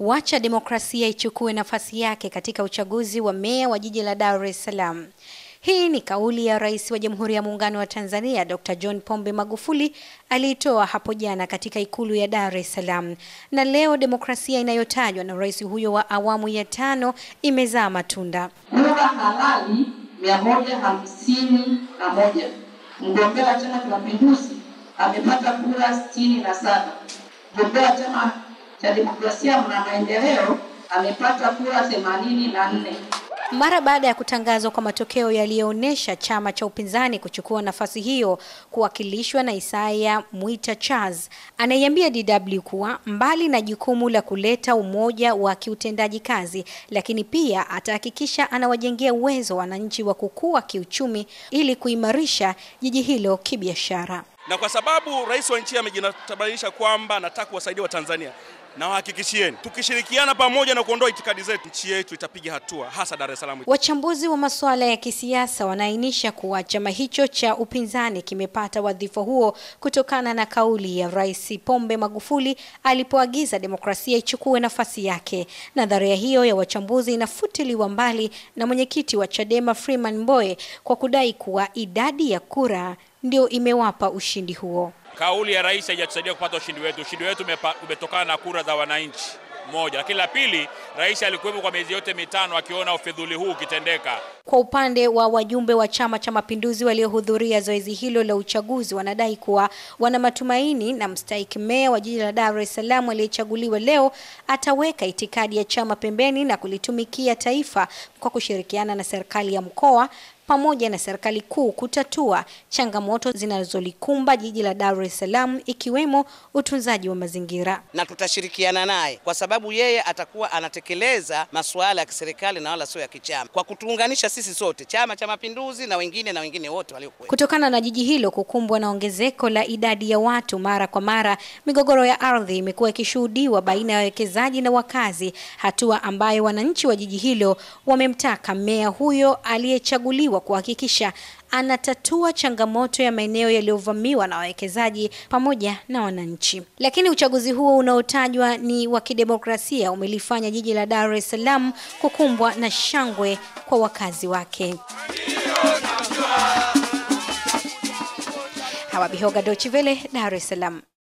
Wacha demokrasia ichukue nafasi yake katika uchaguzi wa meya wa jiji la Dar es Salaam. Hii ni kauli ya Rais wa Jamhuri ya Muungano wa Tanzania Dr. John Pombe Magufuli aliitoa hapo jana katika ikulu ya Dar es Salaam. Na leo demokrasia inayotajwa na rais huyo wa awamu ya tano imezaa matunda. Kura halali 151. Mgombea wa Chama cha Mapinduzi amepata kura 67. Mgombea wa chama cha demokrasia na maendeleo amepata kura 84. Mara baada ya kutangazwa kwa matokeo yaliyoonyesha chama cha upinzani kuchukua nafasi hiyo kuwakilishwa na Isaya Mwita Charles, anaiambia DW kuwa mbali na jukumu la kuleta umoja wa kiutendaji kazi, lakini pia atahakikisha anawajengea uwezo wananchi wa kukua kiuchumi ili kuimarisha jiji hilo kibiashara. Na kwa sababu rais wa nchi amejitambulisha kwamba anataka kuwasaidia Watanzania, nawahakikishieni, tukishirikiana pamoja na kuondoa itikadi zetu, nchi yetu itapiga hatua, hasa Dar es Salaam. Wachambuzi wa masuala ya kisiasa wanaainisha kuwa chama hicho cha upinzani kimepata wadhifa huo kutokana na kauli ya Rais Pombe Magufuli alipoagiza demokrasia ichukue nafasi yake. Nadharia hiyo ya wachambuzi inafutiliwa mbali na mwenyekiti wa Chadema Freeman Mbowe kwa kudai kuwa idadi ya kura ndio imewapa ushindi huo kauli ya rais haijatusaidia kupata ushindi wetu. Ushindi wetu umetokana na kura za wananchi moja, lakini la pili, rais alikuwepo kwa miezi yote mitano akiona ufidhuli huu ukitendeka. Kwa upande wa wajumbe wa Chama cha Mapinduzi waliohudhuria zoezi hilo la uchaguzi, wanadai kuwa wana matumaini na mstahiki meya wa jiji la Dar es Salaam aliyechaguliwa leo ataweka itikadi ya chama pembeni na kulitumikia taifa kwa kushirikiana na serikali ya mkoa pamoja na serikali kuu kutatua changamoto zinazolikumba jiji la Dar es Salaam ikiwemo utunzaji wa mazingira, na tutashirikiana naye kwa sababu yeye atakuwa anatekeleza masuala ya kiserikali na wala sio ya kichama, kwa kutuunganisha sisi sote, Chama cha Mapinduzi na wengine na wengine wote waliokuwa. Kutokana na jiji hilo kukumbwa na ongezeko la idadi ya watu mara kwa mara, migogoro ya ardhi imekuwa ikishuhudiwa baina ya wawekezaji na wakazi, hatua ambayo wananchi wa jiji hilo wamemtaka meya huyo aliyechaguliwa wa kuhakikisha anatatua changamoto ya maeneo yaliyovamiwa na wawekezaji pamoja na wananchi. Lakini uchaguzi huo unaotajwa ni wa kidemokrasia umelifanya jiji la Dar es Salaam kukumbwa na shangwe kwa wakazi wake. Hawa Bihoga, Vele, Dar es Salaam.